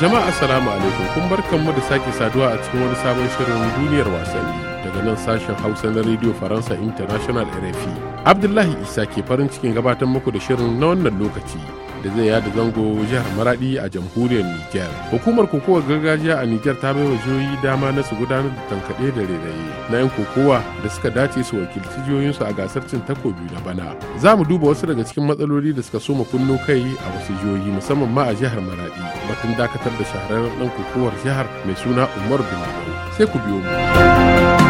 Jama'a Assalamu alaikum kun barkanmu da sake saduwa a cikin wani sabon shirin duniyar wasanni daga nan sashen Hausa na Radio Faransa International RFI. Abdullahi Isa ke farin cikin gabatar muku da shirin na wannan lokaci. da zai yada zango jihar maradi a jamhuriyar niger hukumar kokowar gargajiya a niger ta wa jihohi dama na su gudanar da tankaɗe da rairaye na yan kokowa da suka dace su wakilci jihohinsu a gasar cin takobi na bana za mu duba wasu daga cikin matsaloli da suka soma kunno kai a wasu jihohi musamman ma a jihar maradi batun dakatar da shahararren dan kokowar jihar mai suna umar bin sai ku biyo mu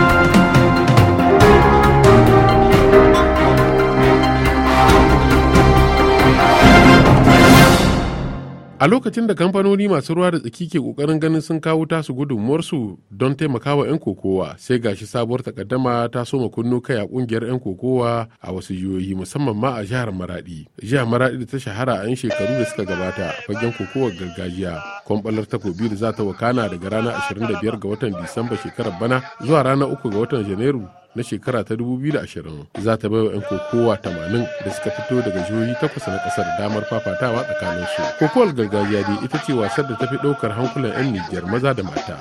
lokacin da kamfanoni masu ruwa da tsaki ke kokarin ganin sun kawo tasu gudunmuwarsu don taimakawa 'yan kokowa sai gashi sabuwar takaddama ta soma kunno kai a kungiyar 'yan kokowa a wasu jihohi musamman ma a jihar maradi jihar maradi da ta shahara a 'yan shekaru da suka gabata fagen kokowar gargajiya kwambalar takobi da za ta wakana daga rana 25 ga watan disamba shekarar bana zuwa rana 3 ga watan janairu na shekara ta 2020 za ta baiwa 'yan kokowa 80 da suka fito daga jihohi takwas na kasar damar fafatawa tsakaninsu kokowar gargajiya dai ita ce wasar da ta fi ɗaukar hankulan 'yan nijiyar maza da mata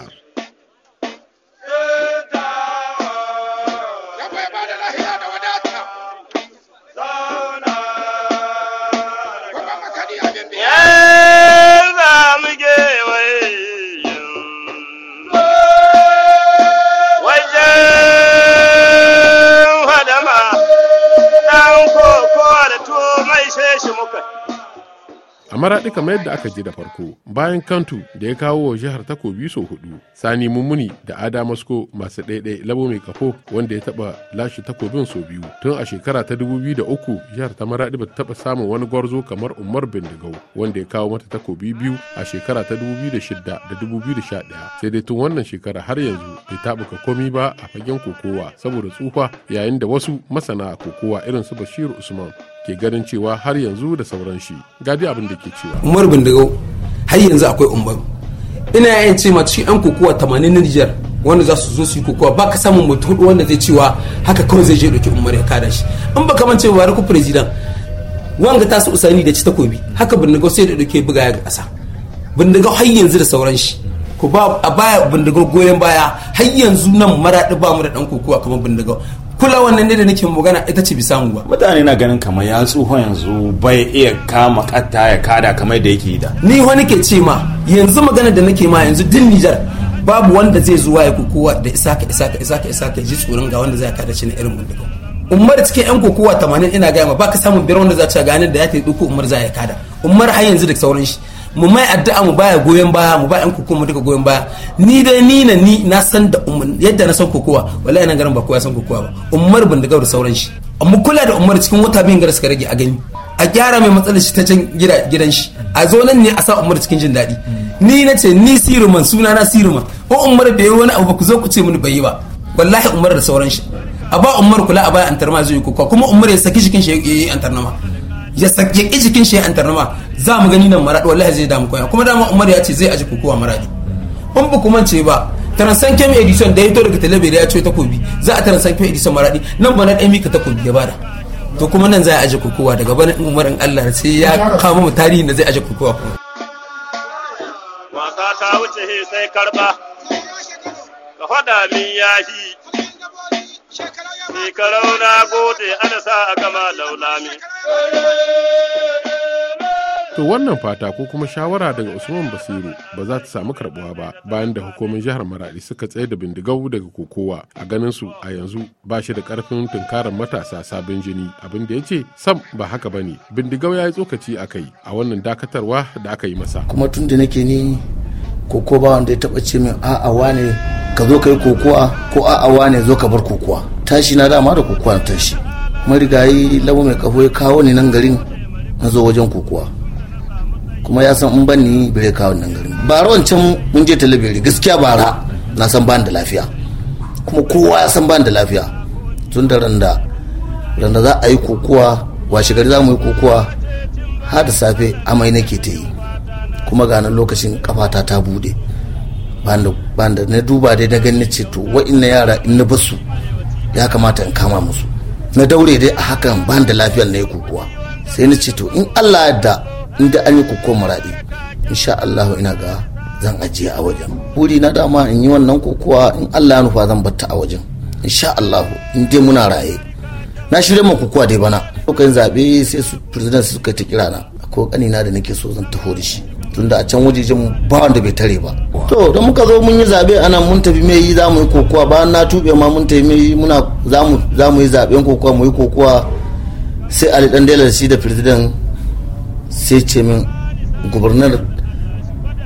a maraɗi kamar yadda aka ji da farko bayan kantu da ya kawo wa jihar takobi sau hudu sani mummuni da ada masko masu ɗaiɗai labo mai kafo wanda ya taɓa lashe takobin sau biyu tun a shekara ta dubu biyu da uku jihar ta maraɗi bata taɓa samun wani gwarzo kamar umar bindigau wanda ya kawo mata takobi biyu a shekara ta dubu biyu da shida da dubu biyu da sha ɗaya sai dai tun wannan shekara har yanzu bai taɓuka komi ba a fagen kokowa saboda tsufa yayin da wasu masana kokowa irin su bashiru usman ke ganin cewa har yanzu da sauran shi gadi abin da ke cewa umar bindigau har yanzu akwai umar ina yayin ce ma cikin an kokowa 80 niger wanda za su zo su yi kokowa ba ka samun mutum hudu wanda zai cewa haka kawai zai je dauki umar ya kada shi in ba kamar ce bari ku president wanga ta su usani da ci takobi haka bindigau sai da dauke buga ya ga kasa bindigau har yanzu da sauran shi ku ba a baya bindigar goyon baya har yanzu nan maradi ba mu da dan kokowa kamar bindigar kula wannan ne da nake magana ita ce bisan ba mutane na ganin kamar ya tsoho yanzu bai iya kama kata ya kada kamar da yake da ni wani ke ce ma yanzu magana da nake ma yanzu din Nijar babu wanda zai zuwa ya kokowa da isaka isaka isaka isaka ji tsoron ga wanda zai kada shi na irin wanda umar cikin yan kokowa 80 ina ga ma baka samun biyar wanda za ta gane da yake duku umar za ya kada umar har yanzu da sauran shi mu mai addu'a mu baya goyon baya mu baya yan kokowa mu duka goyon baya ni dai ni na ni na san da um, yadda na san kokowa wallahi nan garin ba kowa san kokowa ba umar bin da sauran shi mu kula da umar cikin wata biyun gara suka rage a gani a gyara mai matsalar shi ta can gidan shi a zo nan ne a sa umar cikin jin daɗi ni na ce ni siruman suna na siruman ko umar bai wani abu ba ku zo ku ce mini bai yi ba wallahi umar da sauran shi a ba umar kula a baya antarma zai kokowa kuma umar ya saki jikin shi ya yi antarnama ya saki jikin shi ya antarnama za mu gani nan maradi wallahi zai damu koya kuma dama umar ya ce zai aji kokowa maradi in ba kuma ce ba transan kem edition da ya to daga talabere ya ce takobi za a transan kem edition maradi nan bana na ɗan mika takobi ya bada to kuma nan za a aje kokowa daga bana umarin allah sai ya kama mu tarihin da zai aji kokowa kuma wasa ta wuce sai karba ka faɗa min yahi shekarau na gode ana sa a gama laulami to wannan fata ko kuma shawara daga usman basiru ba za ta samu karbuwa ba bayan da hukumomin jihar maradi suka tsaye da bindigau daga kokowa a ganin su a yanzu ba shi da karfin tunkarar matasa sabon jini abin da ya ce sam ba haka bane bindigau ya yi tsokaci a kai a wannan dakatarwa da aka yi masa kuma tun da nake ni koko ba wanda ya taba ce min a'a wane ka zo ka yi kokowa ko a'a wane zo ka bar kokowa tashi na dama da kokowa na tashi marigayi labo mai kafo ya kawo ni nan garin na zo wajen kokowa kuma ya san ban ni bare kawo nan garin bara wancan mun je talabiri gaskiya bara na san ban da lafiya kuma kowa ya san ban da lafiya tun da randa randa za a yi kokowa washe gari za mu yi kokowa har da safe amai nake ta yi kuma ga nan lokacin kafata ta bude banda na duba dai na gani ce to wa'inna yara in na basu ya kamata in kama musu na daure dai a hakan ban da lafiyar na yi kokowa sai na ce to in allah yadda in da an yi koko muradi insha Allah ina ga zan ajiye a wajen buri na dama in yi wannan kokowa in Allah ya nufa zan batta a wajen insha Allah in dai muna raye na shirya ma kokowa dai bana lokacin zabe sai su president su suka ta kira na ko na da nake so zan taho da shi tunda a can wajejen ba wanda bai tare ba to da muka zo mun yi zabe anan mun tafi mai yi zamu yi kokowa bayan na tube ma mun tafi mai yi muna zamu zamu yi zaben kokowa mu yi kokowa sai Ali Dan shi da president sai ce min gubernar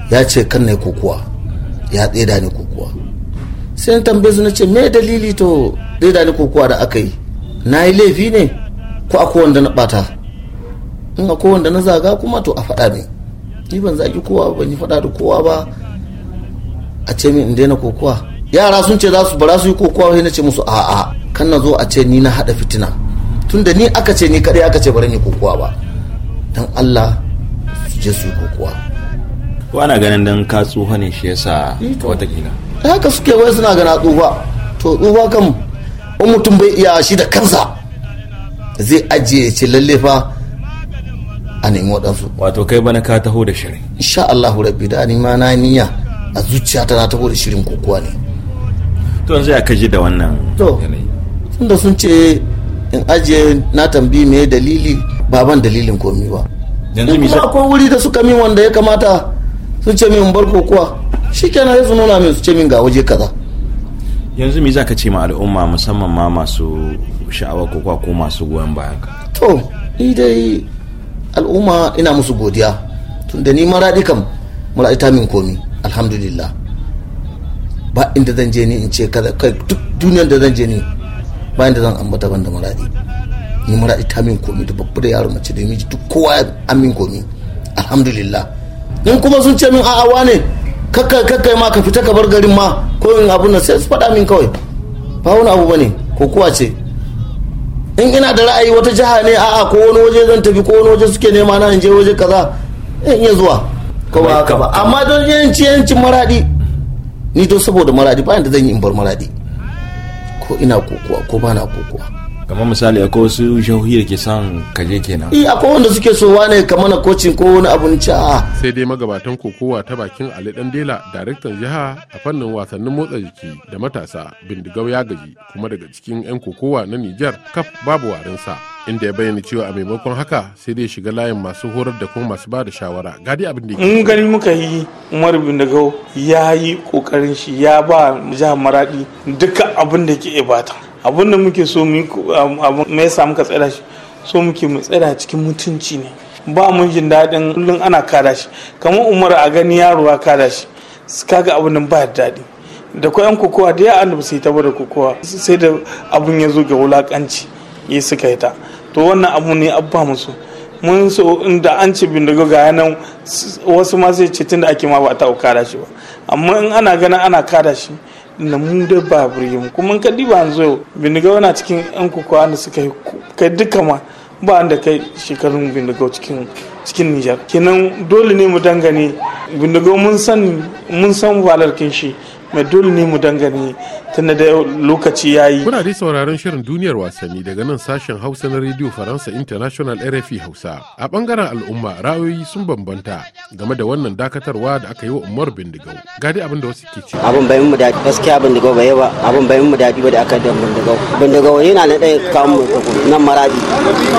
ya ce kan ne kokuwa ya tseda ni kokuwa sai na tambaye su na ce me dalili to tseda ni kokuwa da aka yi na yi laifi ne ko a wanda na bata in a wanda na zaga kuma to a faɗa min ni ban zagi kowa ban yi faɗa da kowa ba a ce min in daina kukuwa. yara sun ce za su bara su yi kukuwa sai na ce musu a'a kan na zo a ce ni na haɗa fitina tunda ni aka ce ni kaɗai aka ce bari ni kukuwa ba don allah su je su kokowa ko ana ganin dan ka tsufa ne shi yasa eh watakila haka suke wai suna gana tsufa to tsufa kan in mutum bai iya shi da kansa zai ajiye ce lalle fa a nemi waɗansu wato kai bana ka taho da shirin insha Allah rabbi da ni ma na niyya a zuciya ta na taho da shirin kokowa ne to yanzu ya kaji da wannan yanayi. tunda sun ce in ajiye na tambayi me dalili ba ban dalilin komi ba yanzu kuma akwai wuri da suka min wanda ya kamata su ce min bar kokowa shikenan sai su nuna min su ce min ga waje kaza yanzu me za ka ce ma al'umma musamman ma masu sha'awar kokowa ko masu goyon bayan ka to ni dai al'umma ina musu godiya da ni maraɗi kam maraɗi ta min komi alhamdulillah ba inda zan je ni in ce kada kai duk duniyar da zan je ni ba inda zan ambata banda da maraɗi ni mara ita min komi da babba da yaro mace da miji duk kowa ya amin komi alhamdulillah in kuma sun ce min a'a wane kakka kakkai ma ka fita ka bar garin ma ko in abun nan sai su faɗa min kawai ba wani abu bane ko kuwa ce in ina da ra'ayi wata jiha ne a'a ko wani waje zan tafi ko wani waje suke nema na in je waje kaza in iya zuwa ko ba haka ba amma don yanci yancin maradi ni don saboda maradi bayan da zan yi in bar maradi ko ina kokuwa ko ba na kokuwa kamar misali akwai wasu shahuhi da ke son kaje kenan eh akwai wanda suke so wane kamar na kocin ko wani abun ci a sai dai magabatan kokowa ta bakin Ali Dan Dela daraktan jiha a fannin wasannin motsa jiki da matasa bindigau ya gaji kuma daga cikin yan kokowa na Nijar kaf babu warin sa inda ya bayyana cewa a maimakon haka sai dai shiga layin masu horar da kuma masu ba da shawara gadi abin da mun gani muka yi umar bindigau ya yi kokarin shi ya ba jihar maradi duka abin da ke ibata abun da muke so mu abun sa muka tsada shi so muke mu tsada cikin mutunci ne ba mun jin daɗin kullum ana kada shi kamar umar a gani yaro ya kada shi kaga abun nan ba daɗi da kwayan kokowa da ya ba sai ta da kokowa sai da abun ya zo ga wulakanci ya suka yi ta to wannan abu ne abba musu mun so inda an ci bindigo ga yanan wasu ma sai ce tunda ake ma ba ta kada shi ba amma in ana gana ana kada shi na mu da babur mu kuma ka diba an zo bindigau na cikin yan kukuwa da suka yi kai duka ma ba an da kai shekarun bindigau cikin cikin Nijar kenan dole ne mu dangane bindigau mun san mun san valar kin shi mai dole ne mu dangane tun da lokaci ya yi. Kuna dai sauraron shirin duniyar wasanni daga nan sashen Hausa na Radio Faransa International RFI Hausa. A bangaren al'umma ra'ayoyi sun bambanta game da wannan dakatarwa da aka yi wa Umar Bindigau. Ga dai abin da wasu ke ce. Abin bayan mu daɗi gaskiya Bindigau bai ba abin bayan mu daɗi ba da aka da Bindigau. Bindigau yana na ɗaya kawo mu nan maradi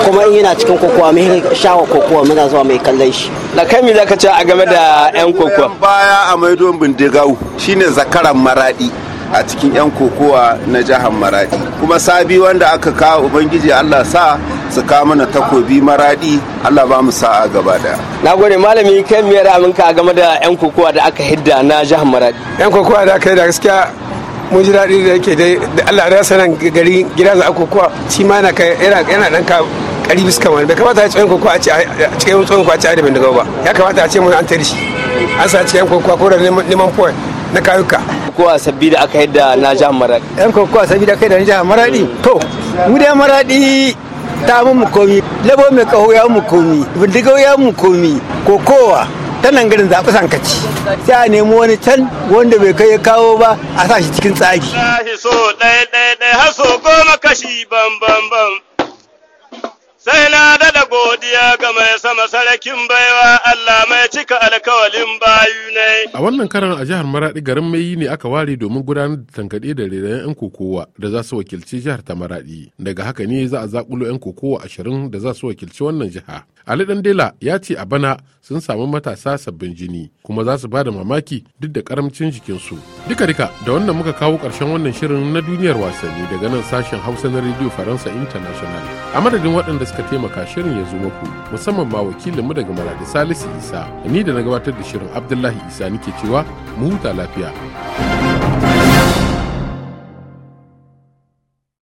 kuma in yana cikin kokowa mai shawa kokowa muna zuwa mai kallon shi. Da kai me zaka ce a game da 'yan kokowa? Baya a maido Bindigau shine zakar bangaren maradi a cikin 'yan kokowa na jihar maradi kuma sabi wanda aka kawo ubangiji allah sa su kawo mana takobi maradi allah ba mu sa'a gaba daya na gode malami kai me ra'aminka game da 'yan kokowa da aka hidda na jihar maradi 'yan kokowa da aka hidda gaskiya mun ji daɗi da yake dai allah da sanan gari gidan za a kokowa shi ma yana yana dan ka ƙari biska wani bai kamata a tsohon kokowa a ce a cikin tsohon kokowa a ci adabin daga ba ya kamata a ce mun an tari an sa cikin kokowa ko da neman point na kayuka ko a sabbi da aka yadda na jihar maradi yan ko a sabbi da aka yadda na jihar maradi to mu dai maradi ta mu komi labo mai kaho ya mu komi bindigau ya mu komi ko kowa. ta nan garin zaɓi sankaci sai a nemi wani can wanda bai kai ya kawo ba a sa shi cikin tsari. so ɗaya ɗaya ɗaya haso goma kashi bam bam bam. sai na dada godiya ga mai sama sarakin baiwa Allah mai cika alkawalin bayu ne. A wannan karan a jihar Maraɗi, garin mai yi ne aka ware domin gudanar da tankaɗe da rairayen 'yan kokowa da za su wakilci jihar ta Maraɗi. Daga haka ne za a zaƙulo 'yan kokowa ashirin da za su wakilci wannan jiha. Ali Dandela ya ce a bana sun samu matasa sabbin jini kuma za su bada mamaki duk da karamcin jikinsu. Duka duka da wannan muka kawo ƙarshen wannan shirin na duniyar wasanni daga nan sashen Hausa na Radio Faransa International. A madadin waɗanda suka taimaka shirin ya zo muku musamman ma wakilinmu daga Maradi Salisu Isa. Ni da na gabatar da shirin Abdullahi Isa nike cewa mu huta lafiya.